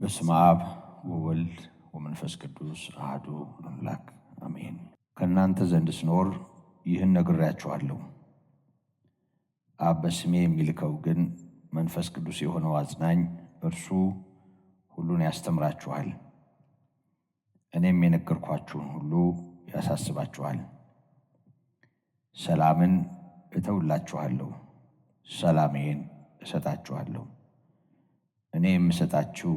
በስመ አብ ወወልድ ወመንፈስ ቅዱስ አህዱ አምላክ አሜን። ከእናንተ ዘንድ ስኖር ይህን ነግሬያችኋለሁ። አብ በስሜ የሚልከው ግን መንፈስ ቅዱስ የሆነው አጽናኝ እርሱ ሁሉን ያስተምራችኋል፣ እኔም የነገርኳችሁን ሁሉ ያሳስባችኋል። ሰላምን እተውላችኋለሁ፣ ሰላሜን እሰጣችኋለሁ። እኔ የምሰጣችሁ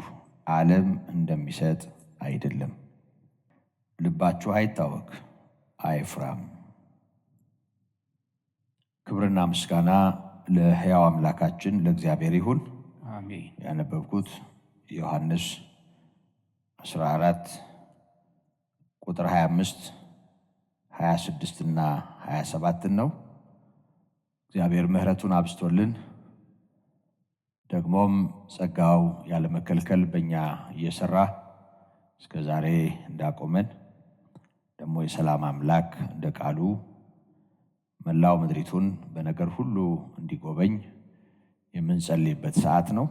ዓለም እንደሚሰጥ አይደለም። ልባችሁ አይታወክ፣ አይፍራም። ክብርና ምስጋና ለሕያው አምላካችን ለእግዚአብሔር ይሁን። ያነበብኩት ዮሐንስ 14 ቁጥር 25 26 እና 27 ነው። እግዚአብሔር ምሕረቱን አብስቶልን ደግሞም ጸጋው ያለመከልከል በእኛ እየሰራ እስከ ዛሬ እንዳቆመን ደግሞ የሰላም አምላክ እንደ ቃሉ መላው ምድሪቱን በነገር ሁሉ እንዲጎበኝ የምንጸልይበት ሰዓት ነው።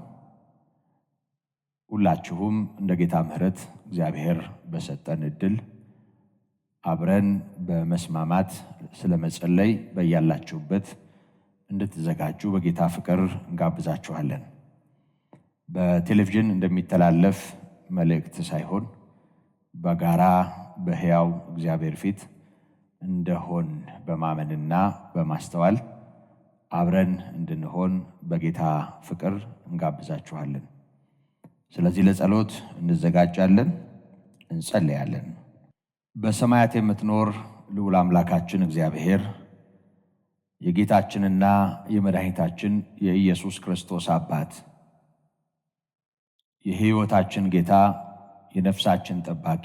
ሁላችሁም እንደ ጌታ ምሕረት እግዚአብሔር በሰጠን እድል አብረን በመስማማት ስለመጸለይ በያላችሁበት እንድትዘጋጁ በጌታ ፍቅር እንጋብዛችኋለን። በቴሌቪዥን እንደሚተላለፍ መልእክት ሳይሆን በጋራ በሕያው እግዚአብሔር ፊት እንደሆን በማመንና በማስተዋል አብረን እንድንሆን በጌታ ፍቅር እንጋብዛችኋለን። ስለዚህ ለጸሎት እንዘጋጃለን፣ እንጸለያለን። በሰማያት የምትኖር ልዑል አምላካችን እግዚአብሔር የጌታችንና የመድኃኒታችን የኢየሱስ ክርስቶስ አባት የሕይወታችን ጌታ የነፍሳችን ጠባቂ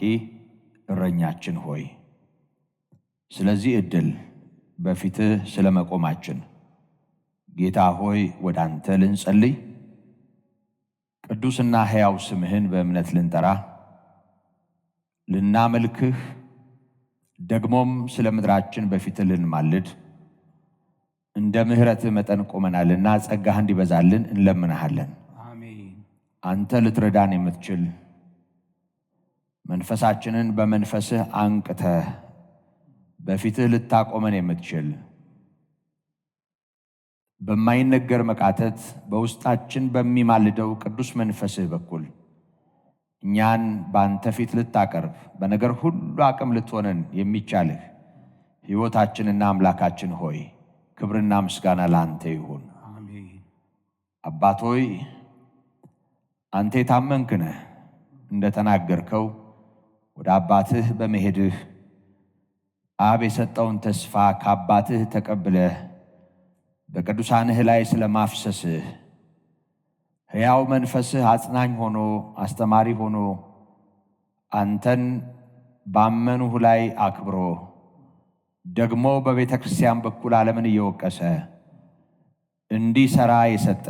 እረኛችን ሆይ ስለዚህ ዕድል በፊትህ ስለ መቆማችን ጌታ ሆይ ወደ አንተ ልንጸልይ ቅዱስና ሕያው ስምህን በእምነት ልንጠራ ልናመልክህ ደግሞም ስለ ምድራችን በፊትህ ልንማልድ እንደ ምህረት መጠን ቆመናልና ጸጋህ እንዲበዛልን እንለምናሃለን። አንተ ልትረዳን የምትችል መንፈሳችንን በመንፈስህ አንቅተህ በፊትህ ልታቆመን የምትችል በማይነገር መቃተት በውስጣችን በሚማልደው ቅዱስ መንፈስህ በኩል እኛን በአንተ ፊት ልታቀርብ በነገር ሁሉ አቅም ልትሆነን የሚቻልህ ሕይወታችንና አምላካችን ሆይ ክብርና ምስጋና ለአንተ ይሁን። አባቶይ አንተ የታመንክ ነህ። እንደተናገርከው ወደ አባትህ በመሄድህ አብ የሰጠውን ተስፋ ከአባትህ ተቀብለህ በቅዱሳንህ ላይ ስለ ማፍሰስህ ሕያው መንፈስህ አጽናኝ ሆኖ አስተማሪ ሆኖ አንተን ባመኑህ ላይ አክብሮ ደግሞ በቤተ ክርስቲያን በኩል ዓለምን እየወቀሰ እንዲሰራ የሰጠ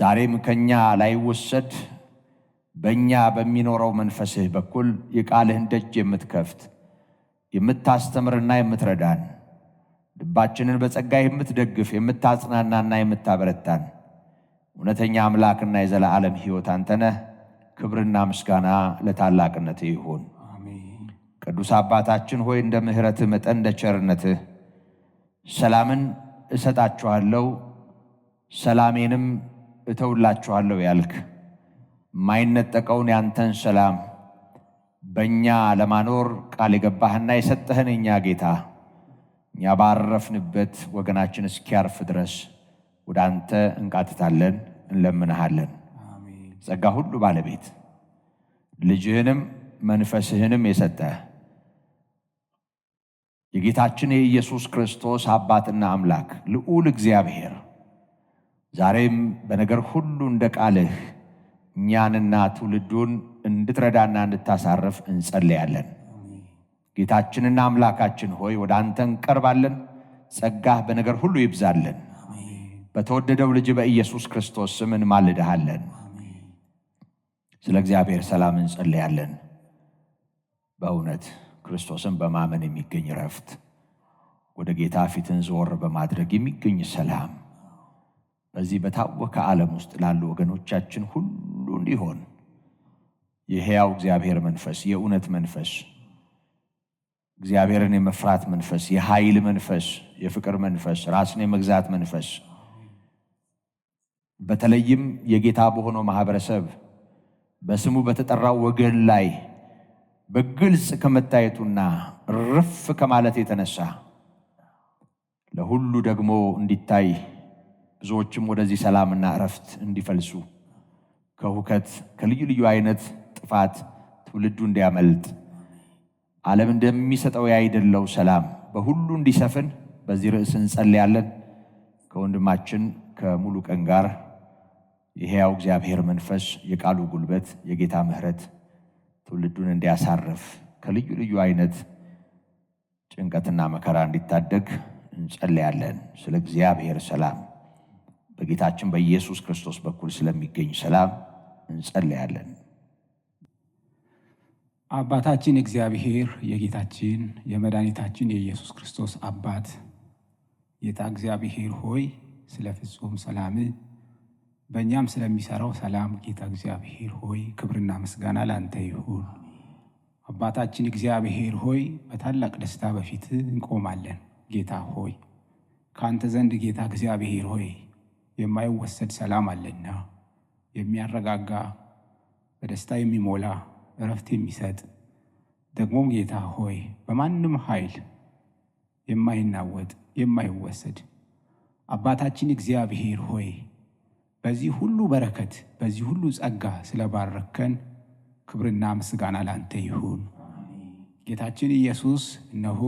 ዛሬም ከእኛ ላይወሰድ በእኛ በሚኖረው መንፈስህ በኩል የቃልህን ደጅ የምትከፍት የምታስተምርና የምትረዳን ልባችንን በጸጋ የምትደግፍ የምታጽናናና የምታበረታን እውነተኛ አምላክና የዘላዓለም ሕይወት አንተነህ። ክብርና ምስጋና ለታላቅነት ይሁን። ቅዱስ አባታችን ሆይ እንደ ምሕረትህ መጠን እንደ ቸርነትህ ሰላምን እሰጣችኋለሁ ሰላሜንም እተውላችኋለሁ ያልክ የማይነጠቀውን ያንተን ሰላም በእኛ ለማኖር ቃል የገባህና የሰጠህን እኛ ጌታ እኛ ባረፍንበት ወገናችን እስኪያርፍ ድረስ ወደ አንተ እንቃትታለን እንለምንሃለን። ጸጋ ሁሉ ባለቤት ልጅህንም መንፈስህንም የሰጠህ የጌታችን የኢየሱስ ክርስቶስ አባትና አምላክ ልዑል እግዚአብሔር ዛሬም በነገር ሁሉ እንደ ቃልህ እኛንና ትውልዱን እንድትረዳና እንድታሳርፍ እንጸለያለን። ጌታችንና አምላካችን ሆይ ወደ አንተ እንቀርባለን። ጸጋህ በነገር ሁሉ ይብዛለን። በተወደደው ልጅ በኢየሱስ ክርስቶስ ስም እንማልድሃለን። ስለ እግዚአብሔር ሰላም እንጸለያለን በእውነት ክርስቶስን በማመን የሚገኝ ረፍት፣ ወደ ጌታ ፊትን ዞር በማድረግ የሚገኝ ሰላም በዚህ በታወከ ዓለም ውስጥ ላሉ ወገኖቻችን ሁሉ እንዲሆን የሕያው እግዚአብሔር መንፈስ፣ የእውነት መንፈስ፣ እግዚአብሔርን የመፍራት መንፈስ፣ የኃይል መንፈስ፣ የፍቅር መንፈስ፣ ራስን የመግዛት መንፈስ በተለይም የጌታ በሆነው ማህበረሰብ በስሙ በተጠራው ወገን ላይ በግልጽ ከመታየቱና ርፍ ከማለት የተነሳ ለሁሉ ደግሞ እንዲታይ ብዙዎችም ወደዚህ ሰላምና እረፍት እንዲፈልሱ ከሁከት ከልዩ ልዩ አይነት ጥፋት ትውልዱ እንዲያመልጥ ዓለም እንደሚሰጠው ያይደለው ሰላም በሁሉ እንዲሰፍን በዚህ ርዕስ እንጸልያለን። ከወንድማችን ከሙሉ ቀን ጋር የሕያው እግዚአብሔር መንፈስ የቃሉ ጉልበት የጌታ ምሕረት ትውልዱን እንዲያሳርፍ ከልዩ ልዩ አይነት ጭንቀትና መከራ እንዲታደግ እንጸለያለን። ስለ እግዚአብሔር ሰላም በጌታችን በኢየሱስ ክርስቶስ በኩል ስለሚገኝ ሰላም እንጸለያለን። አባታችን እግዚአብሔር የጌታችን የመድኃኒታችን የኢየሱስ ክርስቶስ አባት ጌታ እግዚአብሔር ሆይ ስለ ፍጹም ሰላምህ በእኛም ስለሚሰራው ሰላም ጌታ እግዚአብሔር ሆይ ክብርና ምስጋና ላንተ ይሁን። አባታችን እግዚአብሔር ሆይ በታላቅ ደስታ በፊት እንቆማለን። ጌታ ሆይ ከአንተ ዘንድ ጌታ እግዚአብሔር ሆይ የማይወሰድ ሰላም አለና የሚያረጋጋ በደስታ የሚሞላ እረፍት የሚሰጥ ደግሞም ጌታ ሆይ በማንም ኃይል የማይናወጥ የማይወሰድ አባታችን እግዚአብሔር ሆይ በዚህ ሁሉ በረከት በዚህ ሁሉ ጸጋ ስለባረከን ክብርና ምስጋና ላንተ ይሁን። ጌታችን ኢየሱስ እነሆ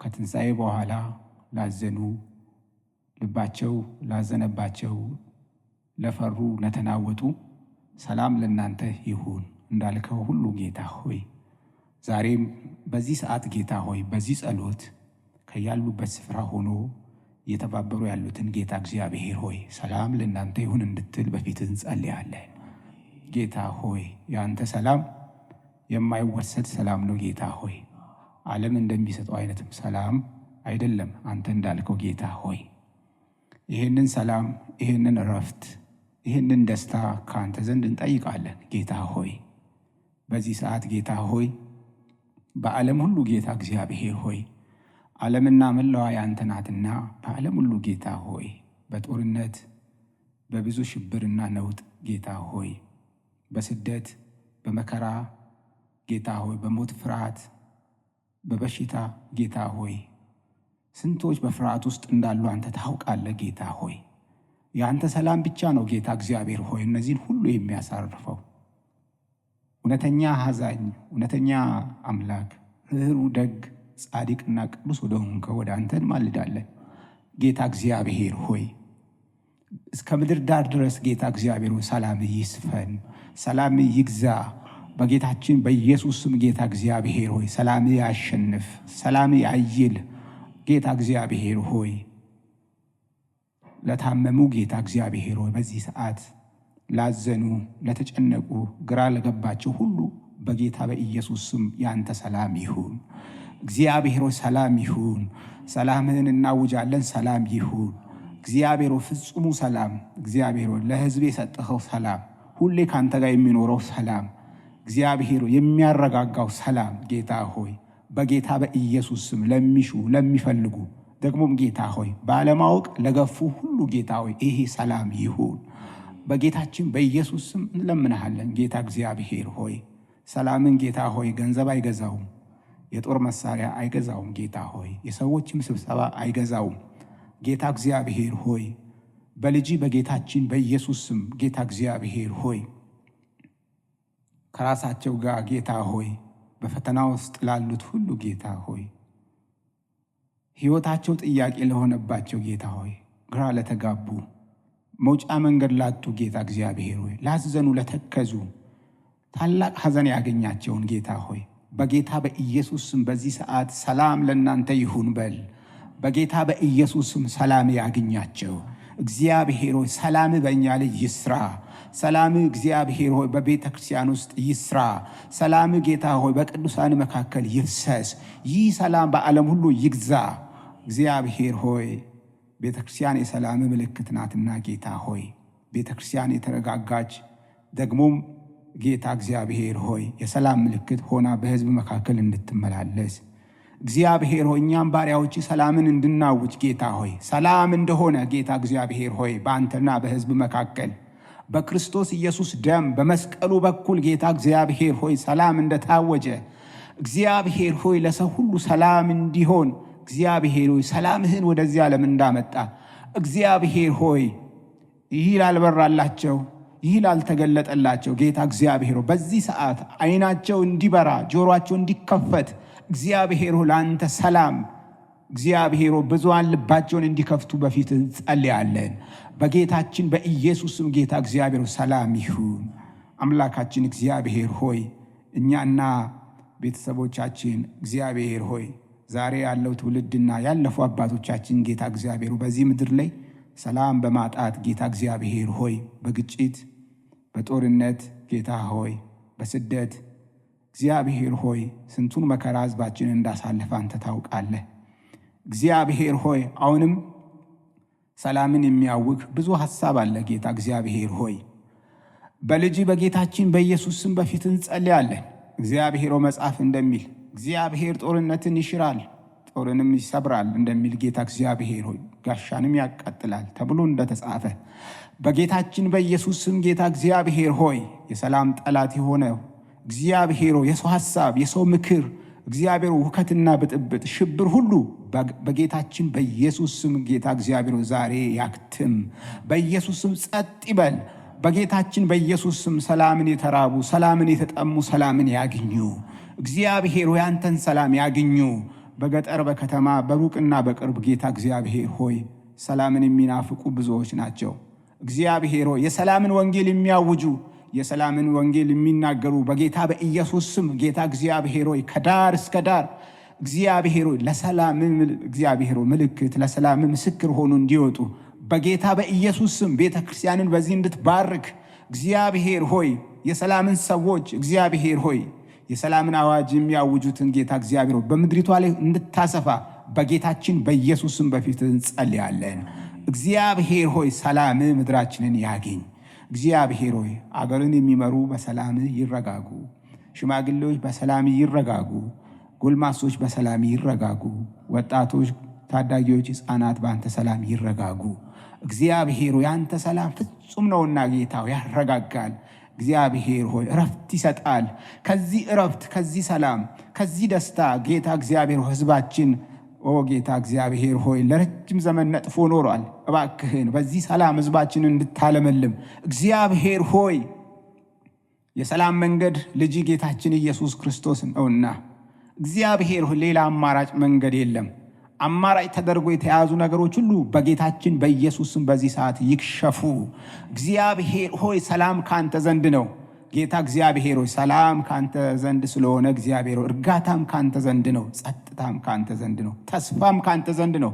ከትንሣኤ በኋላ ላዘኑ ልባቸው ላዘነባቸው፣ ለፈሩ፣ ለተናወጡ ሰላም ለእናንተ ይሁን እንዳልከው ሁሉ ጌታ ሆይ ዛሬም በዚህ ሰዓት ጌታ ሆይ በዚህ ጸሎት ከያሉበት ስፍራ ሆኖ እየተባበሩ ያሉትን ጌታ እግዚአብሔር ሆይ ሰላም ለእናንተ ይሁን እንድትል በፊት እንጸልያለን። ጌታ ሆይ የአንተ ሰላም የማይወሰድ ሰላም ነው። ጌታ ሆይ ዓለም እንደሚሰጠው አይነትም ሰላም አይደለም። አንተ እንዳልከው ጌታ ሆይ ይህንን ሰላም፣ ይህንን እረፍት፣ ይህንን ደስታ ከአንተ ዘንድ እንጠይቃለን። ጌታ ሆይ በዚህ ሰዓት ጌታ ሆይ በዓለም ሁሉ ጌታ እግዚአብሔር ሆይ ዓለምና መለዋ ያንተ ናትና በዓለም ሁሉ ጌታ ሆይ በጦርነት በብዙ ሽብርና ነውጥ ጌታ ሆይ በስደት በመከራ ጌታ ሆይ በሞት ፍርሃት በበሽታ ጌታ ሆይ ስንቶች በፍርሃት ውስጥ እንዳሉ አንተ ታውቃለህ ጌታ ሆይ የአንተ ሰላም ብቻ ነው ጌታ እግዚአብሔር ሆይ እነዚህን ሁሉ የሚያሳርፈው እውነተኛ አዛኝ እውነተኛ አምላክ ርኅሩ ደግ ጻድቅና ቅዱስ ወደ ሆንከ ወደ አንተ እንማልዳለን። ጌታ እግዚአብሔር ሆይ እስከ ምድር ዳር ድረስ ጌታ እግዚአብሔር ሆይ ሰላም ይስፈን፣ ሰላም ይግዛ። በጌታችን በኢየሱስ ስም ጌታ እግዚአብሔር ሆይ ሰላም ያሸንፍ፣ ሰላም ያይል። ጌታ እግዚአብሔር ሆይ ለታመሙ ጌታ እግዚአብሔር ሆይ በዚህ ሰዓት ላዘኑ፣ ለተጨነቁ፣ ግራ ለገባቸው ሁሉ በጌታ በኢየሱስ ስም ያንተ ሰላም ይሁን። እግዚአብሔር ሰላም ይሁን፣ ሰላምህን እናውጃለን፣ ሰላም ይሁን። እግዚአብሔር ፍጹሙ ሰላም፣ እግዚአብሔር ለህዝብ የሰጠኸው ሰላም፣ ሁሌ ከአንተ ጋር የሚኖረው ሰላም፣ እግዚአብሔር የሚያረጋጋው ሰላም ጌታ ሆይ በጌታ በኢየሱስ ስም ለሚሹ ለሚፈልጉ ደግሞም ጌታ ሆይ ባለማወቅ ለገፉ ሁሉ ጌታ ሆይ ይሄ ሰላም ይሁን። በጌታችን በኢየሱስ ስም እንለምናሃለን። ጌታ እግዚአብሔር ሆይ ሰላምን ጌታ ሆይ ገንዘብ አይገዛውም። የጦር መሳሪያ አይገዛውም ጌታ ሆይ፣ የሰዎችም ስብሰባ አይገዛውም ጌታ እግዚአብሔር ሆይ፣ በልጅ በጌታችን በኢየሱስ ስም ጌታ እግዚአብሔር ሆይ፣ ከራሳቸው ጋር ጌታ ሆይ፣ በፈተና ውስጥ ላሉት ሁሉ ጌታ ሆይ፣ ሕይወታቸው ጥያቄ ለሆነባቸው ጌታ ሆይ፣ ግራ ለተጋቡ መውጫ መንገድ ላጡ ጌታ እግዚአብሔር ሆይ፣ ላዘኑ ለተከዙ ታላቅ ሐዘን ያገኛቸውን ጌታ ሆይ በጌታ በኢየሱስም በዚህ ሰዓት ሰላም ለእናንተ ይሁን በል። በጌታ በኢየሱስም ሰላም ያግኛቸው። እግዚአብሔር ሆይ ሰላም በእኛ ልጅ ይስራ። ሰላም እግዚአብሔር ሆይ በቤተ ክርስቲያን ውስጥ ይስራ። ሰላም ጌታ ሆይ በቅዱሳን መካከል ይፍሰስ። ይህ ሰላም በዓለም ሁሉ ይግዛ። እግዚአብሔር ሆይ ቤተ ክርስቲያን የሰላም ምልክት ናትና ጌታ ሆይ ቤተ ክርስቲያን የተረጋጋች ደግሞም ጌታ እግዚአብሔር ሆይ የሰላም ምልክት ሆና በሕዝብ መካከል እንድትመላለስ እግዚአብሔር ሆይ እኛም ባሪያዎች ሰላምን እንድናውጅ ጌታ ሆይ ሰላም እንደሆነ ጌታ እግዚአብሔር ሆይ በአንተና በሕዝብ መካከል በክርስቶስ ኢየሱስ ደም በመስቀሉ በኩል ጌታ እግዚአብሔር ሆይ ሰላም እንደታወጀ እግዚአብሔር ሆይ ለሰው ሁሉ ሰላም እንዲሆን እግዚአብሔር ሆይ ሰላምህን ወደዚህ ዓለም እንዳመጣ እግዚአብሔር ሆይ ይህ ላልበራላቸው ይህ ላልተገለጠላቸው ጌታ እግዚአብሔር በዚህ ሰዓት አይናቸው እንዲበራ ጆሮቸው እንዲከፈት እግዚአብሔር ለአንተ ሰላም እግዚአብሔር ብዙሃን ልባቸውን እንዲከፍቱ በፊት እንጸልያለን። በጌታችን በኢየሱስም ጌታ እግዚአብሔር ሰላም ይሁን። አምላካችን እግዚአብሔር ሆይ እኛና ቤተሰቦቻችን እግዚአብሔር ሆይ ዛሬ ያለው ትውልድና ያለፉ አባቶቻችን ጌታ እግዚአብሔር በዚህ ምድር ላይ ሰላም በማጣት ጌታ እግዚአብሔር ሆይ በግጭት በጦርነት ጌታ ሆይ በስደት እግዚአብሔር ሆይ ስንቱን መከራ ህዝባችን እንዳሳለፈ አንተ ታውቃለህ። እግዚአብሔር ሆይ አሁንም ሰላምን የሚያውክ ብዙ ሀሳብ አለ ጌታ እግዚአብሔር ሆይ በልጅ በጌታችን በኢየሱስ ስም በፊት እንጸልያለን። እግዚአብሔር መጽሐፍ እንደሚል እግዚአብሔር ጦርነትን ይሽራል ጦርንም ይሰብራል እንደሚል ጌታ እግዚአብሔር ሆይ ጋሻንም ያቃጥላል ተብሎ እንደተጻፈ በጌታችን በኢየሱስ ስም ጌታ እግዚአብሔር ሆይ የሰላም ጠላት የሆነ እግዚአብሔር የሰው ሐሳብ፣ የሰው ምክር እግዚአብሔር ውከትና ብጥብጥ፣ ሽብር ሁሉ በጌታችን በኢየሱስ ስም ጌታ እግዚአብሔር ዛሬ ያክትም። በኢየሱስ ስም ጸጥ ይበል። በጌታችን በኢየሱስ ስም ሰላምን የተራቡ ሰላምን የተጠሙ ሰላምን ያግኙ። እግዚአብሔር ሆይ አንተን ሰላም ያግኙ። በገጠር በከተማ በሩቅና በቅርብ ጌታ እግዚአብሔር ሆይ ሰላምን የሚናፍቁ ብዙዎች ናቸው። እግዚአብሔር ሆይ የሰላምን ወንጌል የሚያውጁ የሰላምን ወንጌል የሚናገሩ በጌታ በኢየሱስ ስም ጌታ እግዚአብሔር ሆይ ከዳር እስከ ዳር እግዚአብሔር ሆይ ለሰላም እግዚአብሔር ምልክት ለሰላም ምስክር ሆኑ እንዲወጡ በጌታ በኢየሱስ ስም ቤተ ክርስቲያንን በዚህ እንድትባርክ እግዚአብሔር ሆይ የሰላምን ሰዎች እግዚአብሔር ሆይ የሰላምን አዋጅ የሚያውጁትን ጌታ እግዚአብሔር ሆይ በምድሪቷ ላይ እንድታሰፋ በጌታችን በኢየሱስ ስም በፊት እንጸልያለን። እግዚአብሔር ሆይ ሰላም ምድራችንን ያገኝ። እግዚአብሔር ሆይ አገርን የሚመሩ በሰላም ይረጋጉ። ሽማግሌዎች በሰላም ይረጋጉ። ጎልማሶች በሰላም ይረጋጉ። ወጣቶች፣ ታዳጊዎች፣ ሕፃናት በአንተ ሰላም ይረጋጉ። እግዚአብሔር ሆይ አንተ ሰላም ፍጹም ነውና ጌታ ያረጋጋል። እግዚአብሔር ሆይ እረፍት ይሰጣል። ከዚህ እረፍት ከዚህ ሰላም ከዚህ ደስታ ጌታ እግዚአብሔር ህዝባችን ኦ ጌታ እግዚአብሔር ሆይ ለረጅም ዘመን ነጥፎ ኖሯል። እባክህን በዚህ ሰላም ህዝባችንን እንድታለመልም እግዚአብሔር ሆይ የሰላም መንገድ ልጅ ጌታችን ኢየሱስ ክርስቶስ ነውና እግዚአብሔር ሆይ ሌላ አማራጭ መንገድ የለም። አማራጭ ተደርጎ የተያዙ ነገሮች ሁሉ በጌታችን በኢየሱስም በዚህ ሰዓት ይክሸፉ። እግዚአብሔር ሆይ ሰላም ካንተ ዘንድ ነው። ጌታ እግዚአብሔር ሆይ ሰላም ካንተ ዘንድ ስለሆነ እግዚአብሔር ሆይ እርጋታም ካንተ ዘንድ ነው፣ ጸጥታም ካንተ ዘንድ ነው፣ ተስፋም ካንተ ዘንድ ነው።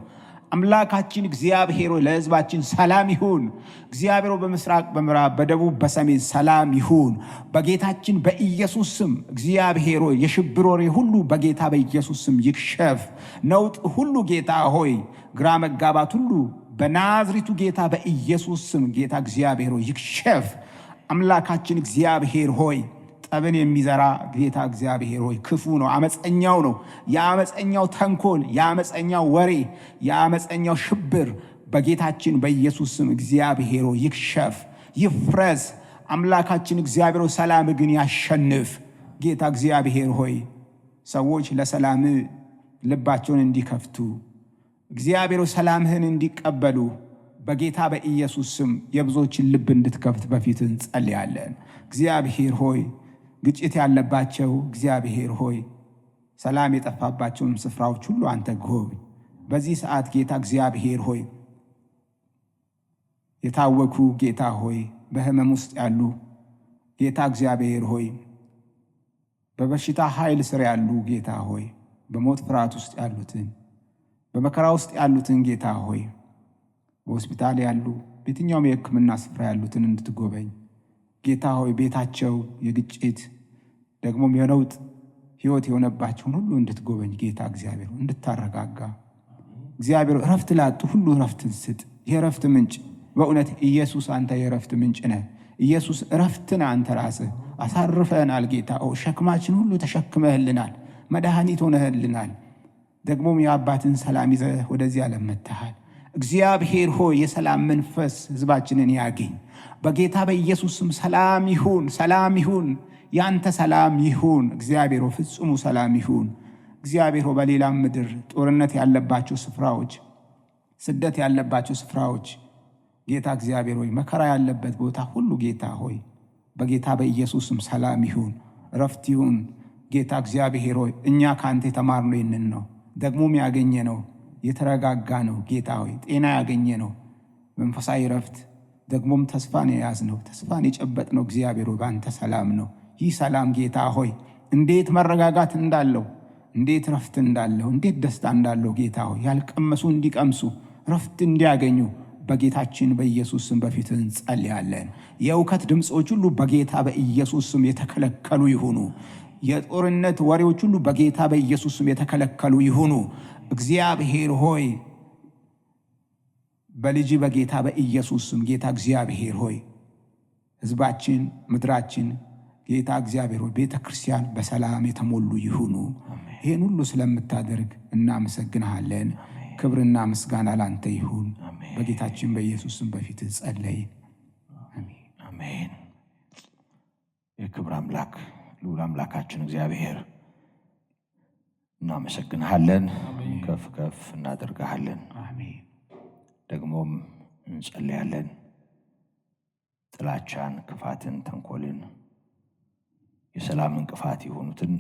አምላካችን እግዚአብሔር ሆይ ለሕዝባችን ሰላም ይሁን። እግዚአብሔር በምስራቅ በምዕራብ በደቡብ በሰሜን ሰላም ይሁን። በጌታችን በኢየሱስ ስም እግዚአብሔር ሆይ የሽብር ወሬ ሁሉ በጌታ በኢየሱስ ስም ይክሸፍ። ነውጥ ሁሉ ጌታ ሆይ ግራ መጋባት ሁሉ በናዝሪቱ ጌታ በኢየሱስ ስም ጌታ እግዚአብሔር ሆይ ይክሸፍ። አምላካችን እግዚአብሔር ሆይ ጠብን የሚዘራ ጌታ እግዚአብሔር ሆይ ክፉ ነው፣ አመፀኛው ነው። የአመፀኛው ተንኮል፣ የአመፀኛው ወሬ፣ የአመፀኛው ሽብር በጌታችን በኢየሱስ ስም እግዚአብሔር ሆይ ይክሸፍ፣ ይፍረስ። አምላካችን እግዚአብሔር ሰላም ግን ያሸንፍ። ጌታ እግዚአብሔር ሆይ ሰዎች ለሰላም ልባቸውን እንዲከፍቱ እግዚአብሔር ሰላምህን እንዲቀበሉ በጌታ በኢየሱስ ስም የብዙዎችን ልብ እንድትከፍት በፊት እንጸልያለን። እግዚአብሔር ሆይ ግጭት ያለባቸው፣ እግዚአብሔር ሆይ ሰላም የጠፋባቸውን ስፍራዎች ሁሉ አንተ ጎብ በዚህ ሰዓት ጌታ እግዚአብሔር ሆይ የታወኩ ጌታ ሆይ በህመም ውስጥ ያሉ ጌታ እግዚአብሔር ሆይ በበሽታ ኃይል ስር ያሉ ጌታ ሆይ በሞት ፍርሃት ውስጥ ያሉትን በመከራ ውስጥ ያሉትን ጌታ ሆይ በሆስፒታል ያሉ በየትኛውም የሕክምና ስፍራ ያሉትን እንድትጎበኝ ጌታ ሆይ ቤታቸው የግጭት ደግሞም የነውጥ ህይወት የሆነባቸውን ሁሉ እንድትጎበኝ ጌታ እግዚአብሔር እንድታረጋጋ እግዚአብሔር እረፍት ላጡ ሁሉ እረፍትን ስጥ። የእረፍት ምንጭ በእውነት ኢየሱስ አንተ የእረፍት ምንጭ ነህ። ኢየሱስ እረፍትን አንተ ራስህ አሳርፈህናል። ጌታ ሸክማችን ሁሉ ተሸክመህልናል። መድኃኒት ሆነህልናል። ደግሞም የአባትን ሰላም ይዘህ ወደዚህ ዓለም መጥተሃል። እግዚአብሔር ሆይ የሰላም መንፈስ ህዝባችንን ያገኝ። በጌታ በኢየሱስም ሰላም ይሁን፣ ሰላም ይሁን፣ ያንተ ሰላም ይሁን። እግዚአብሔር ፍጹሙ ሰላም ይሁን። እግዚአብሔር በሌላም ምድር ጦርነት ያለባቸው ስፍራዎች፣ ስደት ያለባቸው ስፍራዎች ጌታ እግዚአብሔር ሆይ መከራ ያለበት ቦታ ሁሉ ጌታ ሆይ በጌታ በኢየሱስም ሰላም ይሁን፣ ረፍት ይሁን። ጌታ እግዚአብሔር ሆይ እኛ ከአንተ የተማርነው ይህንን ነው፣ ደግሞም ያገኘ ነው የተረጋጋ ነው። ጌታ ሆይ ጤና ያገኘ ነው። መንፈሳዊ ረፍት ደግሞም ተስፋን የያዝ ነው። ተስፋን የጨበጥ ነው። እግዚአብሔር በአንተ ሰላም ነው። ይህ ሰላም ጌታ ሆይ እንዴት መረጋጋት እንዳለው፣ እንዴት ረፍት እንዳለው፣ እንዴት ደስታ እንዳለው ጌታ ሆይ ያልቀመሱ እንዲቀምሱ ረፍት እንዲያገኙ በጌታችን በኢየሱስ ስም በፊት እንጸልያለን። የእውከት ድምፆች ሁሉ በጌታ በኢየሱስ ስም የተከለከሉ ይሁኑ። የጦርነት ወሬዎች ሁሉ በጌታ በኢየሱስ ስም የተከለከሉ ይሁኑ። እግዚአብሔር ሆይ በልጅ በጌታ በኢየሱስ ስም ጌታ እግዚአብሔር ሆይ ሕዝባችን፣ ምድራችን ጌታ እግዚአብሔር ሆይ ቤተ ክርስቲያን በሰላም የተሞሉ ይሁኑ። ይህን ሁሉ ስለምታደርግ እናመሰግንሃለን። ክብርና ምስጋና ላንተ ይሁን። በጌታችን በኢየሱስም በፊት ጸለይ። አሜን። የክብር አምላክ ልዑል አምላካችን እግዚአብሔር እናመሰግንሃለን፣ ከፍ ከፍ እናደርግሃለን፣ ደግሞም እንጸልያለን። ጥላቻን፣ ክፋትን፣ ተንኮልን፣ የሰላም እንቅፋት የሆኑትን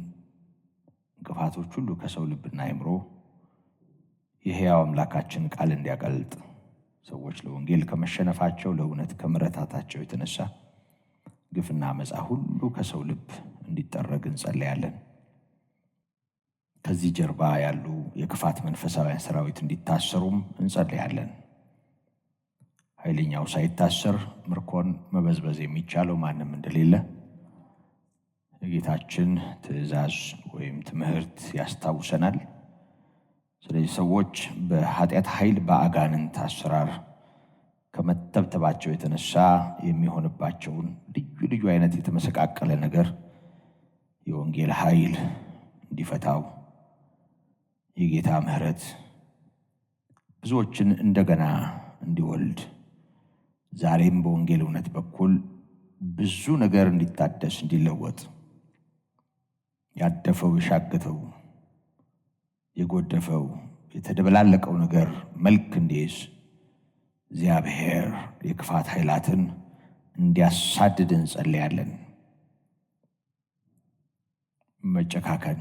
እንቅፋቶች ሁሉ ከሰው ልብና አይምሮ የሕያው አምላካችን ቃል እንዲያቀልጥ ሰዎች ለወንጌል ከመሸነፋቸው ለእውነት ከመረታታቸው የተነሳ ግፍና መጻ ሁሉ ከሰው ልብ እንዲጠረግ እንጸልያለን። ከዚህ ጀርባ ያሉ የክፋት መንፈሳውያን ሰራዊት እንዲታሰሩም እንጸልያለን። ኃይለኛው ሳይታሰር ምርኮን መበዝበዝ የሚቻለው ማንም እንደሌለ የጌታችን ትእዛዝ ወይም ትምህርት ያስታውሰናል። ስለዚህ ሰዎች በኃጢአት ኃይል በአጋንንት አሰራር ከመተብተባቸው የተነሳ የሚሆንባቸውን ልዩ ልዩ አይነት የተመሰቃቀለ ነገር የወንጌል ኃይል እንዲፈታው የጌታ ምሕረት ብዙዎችን እንደገና እንዲወልድ ዛሬም በወንጌል እውነት በኩል ብዙ ነገር እንዲታደስ እንዲለወጥ ያደፈው የሻገተው የጎደፈው የተደበላለቀው ነገር መልክ እንዲይዝ እግዚአብሔር የክፋት ኃይላትን እንዲያሳድድ እንጸልያለን። መጨካከን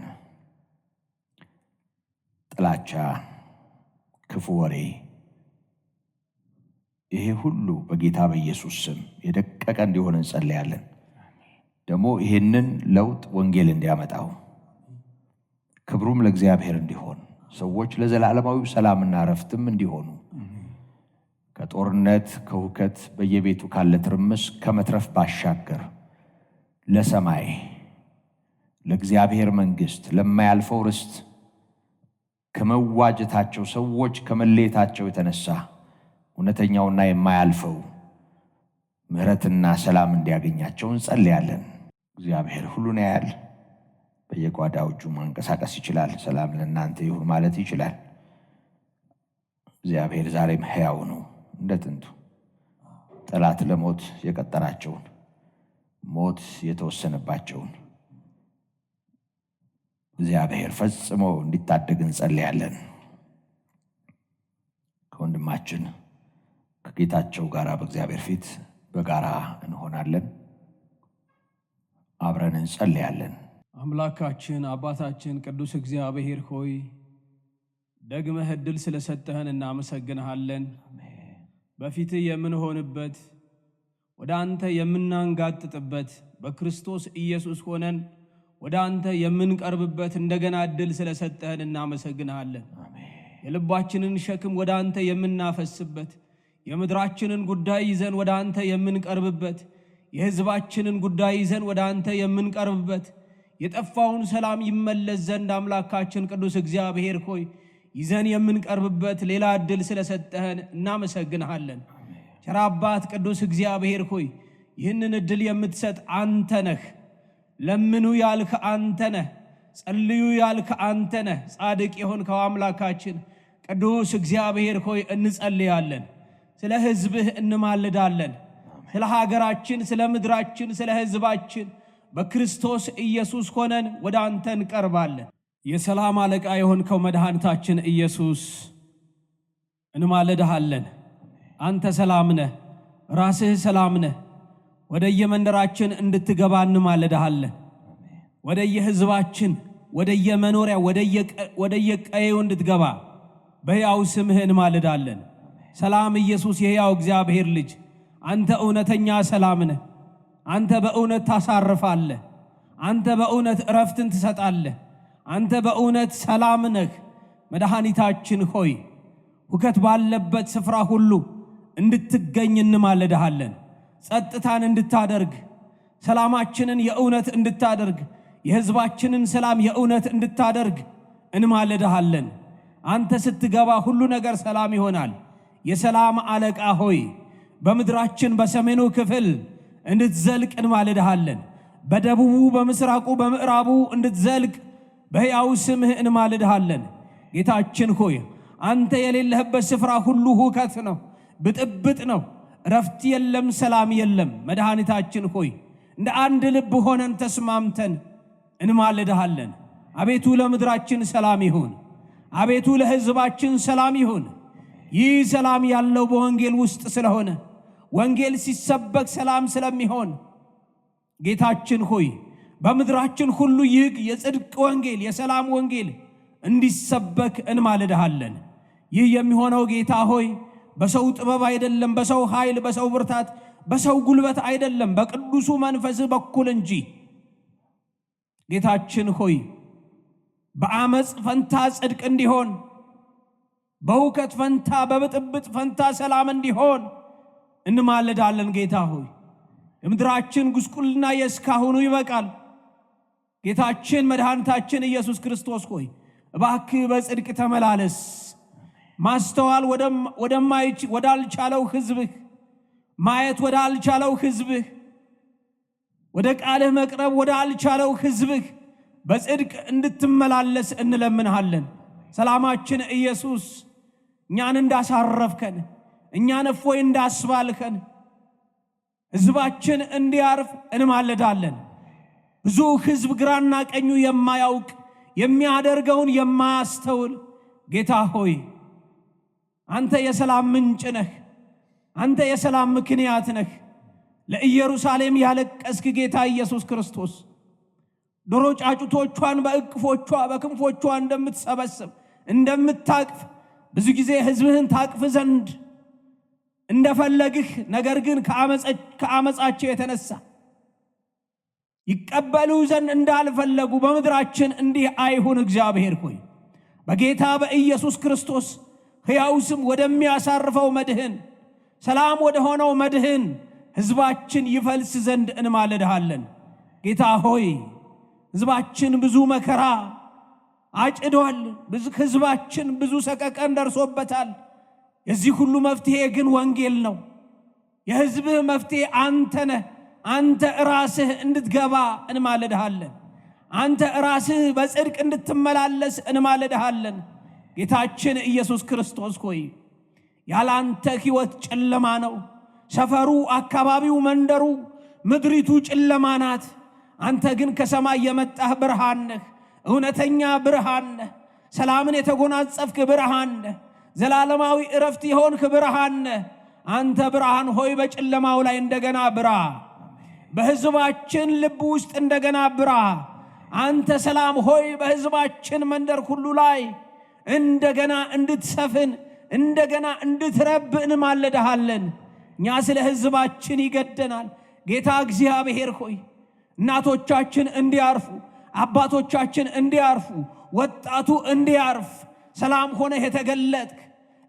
ጥላቻ፣ ክፉ ወሬ ይሄ ሁሉ በጌታ በኢየሱስ ስም የደቀቀ እንዲሆን እንጸለያለን። ደግሞ ይህንን ለውጥ ወንጌል እንዲያመጣው ክብሩም ለእግዚአብሔር እንዲሆን ሰዎች ለዘላለማዊ ሰላምና ረፍትም እንዲሆኑ ከጦርነት ከሁከት በየቤቱ ካለ ትርምስ ከመትረፍ ባሻገር ለሰማይ ለእግዚአብሔር መንግሥት ለማያልፈው ርስት ከመዋጀታቸው ሰዎች ከመለየታቸው የተነሳ እውነተኛውና የማያልፈው ምሕረትና ሰላም እንዲያገኛቸው እንጸልያለን። እግዚአብሔር ሁሉን ያያል። በየጓዳው እጁ ማንቀሳቀስ ይችላል። ሰላም ለእናንተ ይሁን ማለት ይችላል። እግዚአብሔር ዛሬም ሕያው ነው። እንደ ጥንቱ ጠላት ለሞት የቀጠራቸውን ሞት የተወሰነባቸውን እግዚአብሔር ፈጽሞ እንዲታደግ እንጸልያለን። ከወንድማችን ከጌታቸው ጋር በእግዚአብሔር ፊት በጋራ እንሆናለን። አብረን እንጸልያለን። አምላካችን አባታችን ቅዱስ እግዚአብሔር ሆይ ደግመህ ዕድል ስለሰጠህን እናመሰግንሃለን። በፊትህ የምንሆንበት ወደ አንተ የምናንጋጥጥበት በክርስቶስ ኢየሱስ ሆነን ወደ አንተ የምንቀርብበት እንደገና እድል ስለሰጠህን እናመሰግንሃለን። የልባችንን ሸክም ወደ አንተ የምናፈስበት፣ የምድራችንን ጉዳይ ይዘን ወደ አንተ የምንቀርብበት፣ የሕዝባችንን ጉዳይ ይዘን ወደ አንተ የምንቀርብበት፣ የጠፋውን ሰላም ይመለስ ዘንድ አምላካችን ቅዱስ እግዚአብሔር ሆይ ይዘን የምንቀርብበት ሌላ እድል ስለሰጠህን እናመሰግንሃለን። ቸር አባት ቅዱስ እግዚአብሔር ሆይ ይህንን እድል የምትሰጥ አንተ ነህ። ለምኑ ያልክ አንተ ነህ። ጸልዩ ያልክ አንተ ነህ። ጻድቅ የሆንከው አምላካችን ቅዱስ እግዚአብሔር ሆይ እንጸልያለን። ስለ ሕዝብህ እንማልዳለን። ስለ ሀገራችን፣ ስለ ምድራችን፣ ስለ ሕዝባችን በክርስቶስ ኢየሱስ ሆነን ወደ አንተ እንቀርባለን። የሰላም አለቃ የሆንከው መድኃኒታችን ኢየሱስ እንማልድሃለን። አንተ ሰላም ነህ፣ ራስህ ሰላም ነህ። ወደ የመንደራችን እንድትገባ እንማለዳሃለን። ወደ የህዝባችን፣ ወደ የመኖሪያ፣ ወደ የቀየው እንድትገባ በሕያው ስምህ እንማልዳለን። ሰላም ኢየሱስ፣ የሕያው እግዚአብሔር ልጅ አንተ እውነተኛ ሰላም ነህ። አንተ በእውነት ታሳርፋለህ። አንተ በእውነት እረፍትን ትሰጣለህ። አንተ በእውነት ሰላም ነህ። መድኃኒታችን ሆይ ሁከት ባለበት ስፍራ ሁሉ እንድትገኝ እንማለድሃለን። ጸጥታን እንድታደርግ፣ ሰላማችንን የእውነት እንድታደርግ፣ የሕዝባችንን ሰላም የእውነት እንድታደርግ እንማልድሃለን። አንተ ስትገባ ሁሉ ነገር ሰላም ይሆናል። የሰላም አለቃ ሆይ በምድራችን በሰሜኑ ክፍል እንድትዘልቅ እንማልድሃለን። በደቡቡ፣ በምስራቁ፣ በምዕራቡ እንድትዘልቅ በሕያው ስምህ እንማልድሃለን። ጌታችን ሆይ አንተ የሌለህበት ስፍራ ሁሉ ሁከት ነው፣ ብጥብጥ ነው ረፍት የለም፣ ሰላም የለም። መድኃኒታችን ሆይ እንደ አንድ ልብ ሆነን ተስማምተን እንማልድሃለን። አቤቱ ለምድራችን ሰላም ይሁን። አቤቱ ለሕዝባችን ሰላም ይሁን። ይህ ሰላም ያለው በወንጌል ውስጥ ስለሆነ ወንጌል ሲሰበክ ሰላም ስለሚሆን ጌታችን ሆይ በምድራችን ሁሉ ይህ የጽድቅ ወንጌል የሰላም ወንጌል እንዲሰበክ እንማልድሃለን። ይህ የሚሆነው ጌታ ሆይ በሰው ጥበብ አይደለም፣ በሰው ኃይል፣ በሰው ብርታት፣ በሰው ጉልበት አይደለም፣ በቅዱሱ መንፈስ በኩል እንጂ። ጌታችን ሆይ በአመፅ ፈንታ ጽድቅ እንዲሆን፣ በሁከት ፈንታ፣ በብጥብጥ ፈንታ ሰላም እንዲሆን እንማለዳለን። ጌታ ሆይ የምድራችን ጉስቁልና የእስካሁኑ ይበቃል። ጌታችን መድኃኒታችን ኢየሱስ ክርስቶስ ሆይ እባክህ በጽድቅ ተመላለስ። ማስተዋል ወዳልቻለው ህዝብህ፣ ማየት ወዳልቻለው ህዝብህ፣ ወደ ቃልህ መቅረብ ወዳልቻለው ህዝብህ በጽድቅ እንድትመላለስ እንለምንሃለን። ሰላማችን ኢየሱስ እኛን እንዳሳረፍከን እኛን እፎይ እንዳስባልከን ህዝባችን እንዲያርፍ እንማለዳለን። ብዙ ህዝብ ግራና ቀኙ የማያውቅ የሚያደርገውን የማያስተውል ጌታ ሆይ አንተ የሰላም ምንጭ ነህ። አንተ የሰላም ምክንያት ነህ። ለኢየሩሳሌም ያለቀስክ ጌታ ኢየሱስ ክርስቶስ ዶሮ ጫጩቶቿን በእቅፎቿ በክንፎቿ እንደምትሰበስብ እንደምታቅፍ ብዙ ጊዜ ሕዝብህን ታቅፍ ዘንድ እንደፈለግህ ነገር ግን ከአመፃቸው የተነሳ ይቀበሉ ዘንድ እንዳልፈለጉ በምድራችን እንዲህ አይሁን። እግዚአብሔር ሆይ በጌታ በኢየሱስ ክርስቶስ ሕያው ስም ወደሚያሳርፈው መድህን፣ ሰላም ወደ ሆነው መድህን ሕዝባችን ይፈልስ ዘንድ እንማልድሃለን። ጌታ ሆይ ሕዝባችን ብዙ መከራ አጭዷል። ሕዝባችን ብዙ ሰቀቀን ደርሶበታል። የዚህ ሁሉ መፍትሄ ግን ወንጌል ነው። የሕዝብህ መፍትሄ አንተ ነህ። አንተ እራስህ እንድትገባ እንማልድሃለን። አንተ እራስህ በጽድቅ እንድትመላለስ እንማልድሃለን። ጌታችን ኢየሱስ ክርስቶስ ሆይ ያላንተ ሕይወት ጨለማ ነው። ሰፈሩ፣ አካባቢው፣ መንደሩ፣ ምድሪቱ ጨለማ ናት። አንተ ግን ከሰማይ የመጣህ ብርሃን ነህ። እውነተኛ ብርሃን ነህ። ሰላምን የተጎናጸፍክ ብርሃን ነህ። ዘላለማዊ እረፍት የሆንክ ብርሃን ነህ። አንተ ብርሃን ሆይ በጨለማው ላይ እንደገና ብራ፣ በሕዝባችን ልብ ውስጥ እንደገና ብራ። አንተ ሰላም ሆይ በሕዝባችን መንደር ሁሉ ላይ እንደገና እንድትሰፍን እንደገና እንድትረብን ማለዳሃለን እኛ ስለ ሕዝባችን ይገደናል። ጌታ እግዚአብሔር ሆይ እናቶቻችን እንዲያርፉ፣ አባቶቻችን እንዲያርፉ፣ ወጣቱ እንዲያርፍ ሰላም ሆነህ የተገለጥክ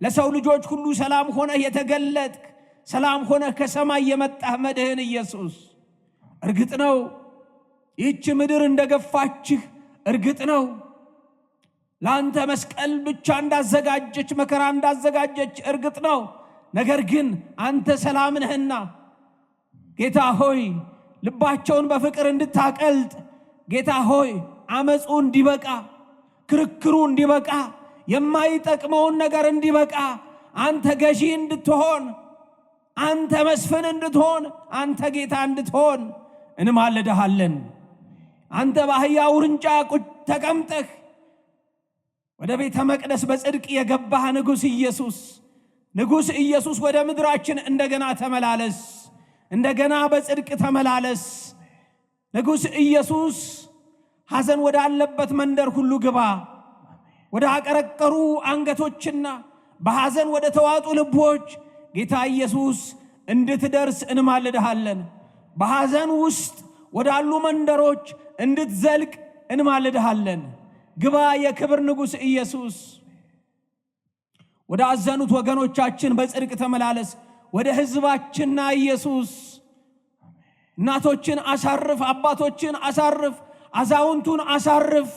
ለሰው ልጆች ሁሉ ሰላም ሆነህ የተገለጥክ ሰላም ሆነህ ከሰማይ የመጣህ መድህን ኢየሱስ እርግጥ ነው ይህች ምድር እንደገፋችህ እርግጥ ነው ለአንተ መስቀል ብቻ እንዳዘጋጀች መከራ እንዳዘጋጀች እርግጥ ነው። ነገር ግን አንተ ሰላም ነህና ጌታ ሆይ ልባቸውን በፍቅር እንድታቀልጥ፣ ጌታ ሆይ አመፁ እንዲበቃ፣ ክርክሩ እንዲበቃ፣ የማይጠቅመውን ነገር እንዲበቃ፣ አንተ ገዢ እንድትሆን፣ አንተ መስፍን እንድትሆን፣ አንተ ጌታ እንድትሆን እንማልድሃለን። አንተ በአህያ ውርንጫ ተቀምጠህ ወደ ቤተ መቅደስ በጽድቅ የገባህ ንጉሥ ኢየሱስ ንጉሥ ኢየሱስ ወደ ምድራችን እንደገና ተመላለስ፣ እንደገና በጽድቅ ተመላለስ። ንጉሥ ኢየሱስ ሐዘን ወዳለበት መንደር ሁሉ ግባ፣ ወደ አቀረቀሩ አንገቶችና በሐዘን ወደ ተዋጡ ልቦች ጌታ ኢየሱስ እንድትደርስ እንማልድሃለን። በሐዘን ውስጥ ወዳሉ መንደሮች እንድትዘልቅ እንማልድሃለን። ግባ የክብር ንጉሥ ኢየሱስ። ወደ አዘኑት ወገኖቻችን በጽድቅ ተመላለስ። ወደ ሕዝባችንና ኢየሱስ እናቶችን አሳርፍ፣ አባቶችን አሳርፍ፣ አዛውንቱን አሳርፍ።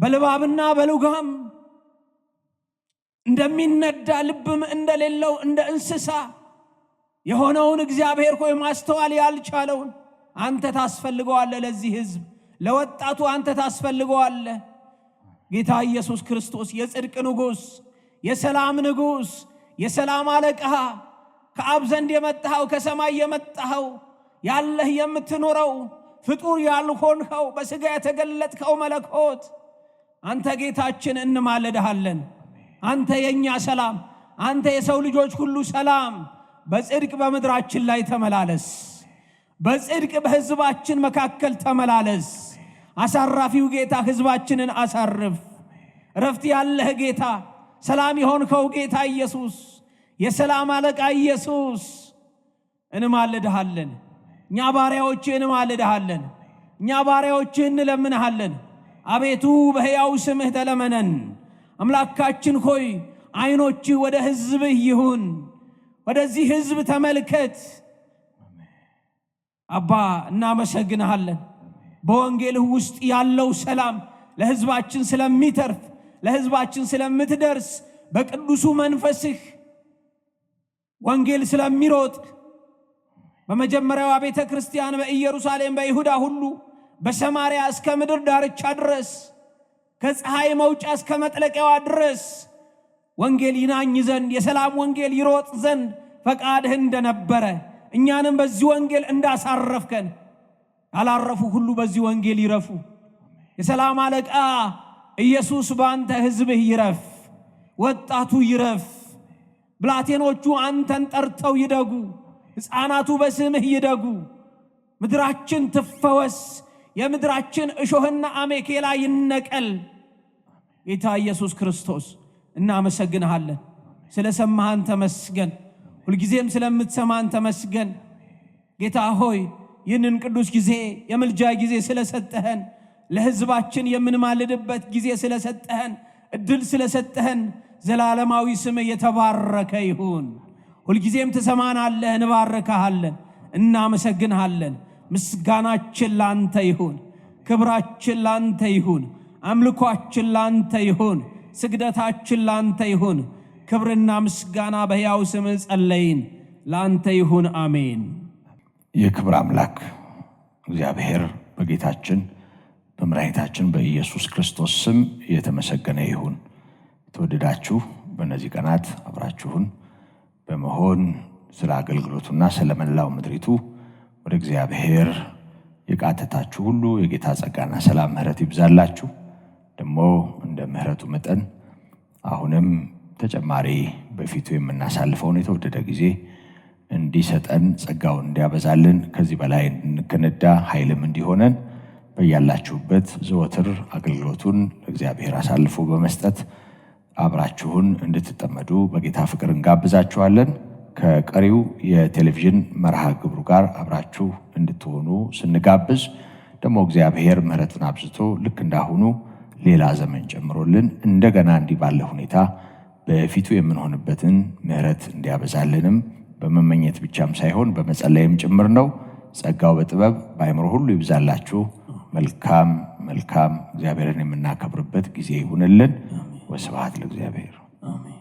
በልባብና በልጓም እንደሚነዳ ልብም እንደሌለው እንደ እንስሳ የሆነውን እግዚአብሔር ሆይ ማስተዋል ያልቻለውን አንተ ታስፈልገዋለህ ለዚህ ሕዝብ ለወጣቱ አንተ ታስፈልገዋለ። ጌታ ኢየሱስ ክርስቶስ የጽድቅ ንጉሥ፣ የሰላም ንጉሥ፣ የሰላም አለቃ ከአብ ዘንድ የመጣኸው ከሰማይ የመጣኸው ያለህ የምትኖረው ፍጡር ያልሆንኸው በሥጋ የተገለጥከው መለኮት አንተ ጌታችን እንማለድሃለን። አንተ የእኛ ሰላም፣ አንተ የሰው ልጆች ሁሉ ሰላም በጽድቅ በምድራችን ላይ ተመላለስ። በጽድቅ በሕዝባችን መካከል ተመላለስ። አሳራፊው ጌታ ሕዝባችንን አሳርፍ። እረፍት ያለህ ጌታ፣ ሰላም የሆንከው ጌታ ኢየሱስ፣ የሰላም አለቃ ኢየሱስ እንማልድሃለን። እኛ ባሪያዎች እንማልድሃለን። እኛ ባሪያዎች እንለምንሃለን። አቤቱ በሕያው ስምህ ተለመነን። አምላካችን ሆይ ዓይኖች ወደ ሕዝብህ ይሁን። ወደዚህ ሕዝብ ተመልከት። አባ እናመሰግንሃለን። በወንጌልህ ውስጥ ያለው ሰላም ለሕዝባችን ስለሚተርፍ ለሕዝባችን ስለምትደርስ በቅዱሱ መንፈስህ ወንጌል ስለሚሮጥ በመጀመሪያዋ ቤተ ክርስቲያን በኢየሩሳሌም በይሁዳ ሁሉ በሰማርያ እስከ ምድር ዳርቻ ድረስ ከፀሐይ መውጫ እስከ መጥለቂያዋ ድረስ ወንጌል ይናኝ ዘንድ የሰላም ወንጌል ይሮጥ ዘንድ ፈቃድህ እንደነበረ እኛንም በዚህ ወንጌል እንዳሳረፍከን ያላረፉ ሁሉ በዚህ ወንጌል ይረፉ። የሰላም አለቃ ኢየሱስ በአንተ ሕዝብህ ይረፍ፣ ወጣቱ ይረፍ፣ ብላቴኖቹ አንተን ጠርተው ይደጉ፣ ሕፃናቱ በስምህ ይደጉ፣ ምድራችን ትፈወስ፣ የምድራችን እሾህና አሜኬላ ይነቀል። ጌታ ኢየሱስ ክርስቶስ እናመሰግንሃለን። ስለ ሰማህን ተመስገን። ሁልጊዜም ስለምትሰማን ተመስገን። ጌታ ሆይ ይህንን ቅዱስ ጊዜ የምልጃ ጊዜ ስለሰጠህን፣ ለሕዝባችን የምንማልድበት ጊዜ ስለሰጠህን፣ እድል ስለሰጠህን ዘላለማዊ ስም የተባረከ ይሁን። ሁልጊዜም ትሰማናለህ፣ እንባርካሃለን፣ እናመሰግንሃለን። ምስጋናችን ላንተ ይሁን፣ ክብራችን ላንተ ይሁን፣ አምልኳችን ላንተ ይሁን፣ ስግደታችን ላንተ ይሁን። ክብርና ምስጋና በሕያው ስም ጸለይን፣ ለአንተ ይሁን አሜን። የክብር አምላክ እግዚአብሔር በጌታችን በመድኃኒታችን በኢየሱስ ክርስቶስ ስም የተመሰገነ ይሁን። የተወደዳችሁ በእነዚህ ቀናት አብራችሁን በመሆን ስለ አገልግሎቱና ስለ መላው ምድሪቱ ወደ እግዚአብሔር የቃተታችሁ ሁሉ የጌታ ጸጋና ሰላም ምሕረት ይብዛላችሁ። ደግሞ እንደ ምሕረቱ መጠን አሁንም ተጨማሪ በፊቱ የምናሳልፈውን የተወደደ ጊዜ እንዲሰጠን ጸጋውን እንዲያበዛልን ከዚህ በላይ እንድንከነዳ ኃይልም እንዲሆነን በያላችሁበት ዘወትር አገልግሎቱን ለእግዚአብሔር አሳልፎ በመስጠት አብራችሁን እንድትጠመዱ በጌታ ፍቅር እንጋብዛችኋለን። ከቀሪው የቴሌቪዥን መርሃ ግብሩ ጋር አብራችሁ እንድትሆኑ ስንጋብዝ ደግሞ እግዚአብሔር ምሕረቱን አብዝቶ ልክ እንዳሁኑ ሌላ ዘመን ጨምሮልን እንደገና እንዲህ ባለ ሁኔታ በፊቱ የምንሆንበትን ምሕረት እንዲያበዛልንም በመመኘት ብቻም ሳይሆን በመጸለይም ጭምር ነው። ጸጋው በጥበብ በአይምሮ ሁሉ ይብዛላችሁ። መልካም መልካም እግዚአብሔርን የምናከብርበት ጊዜ ይሁንልን። ወስብሐት ለእግዚአብሔር።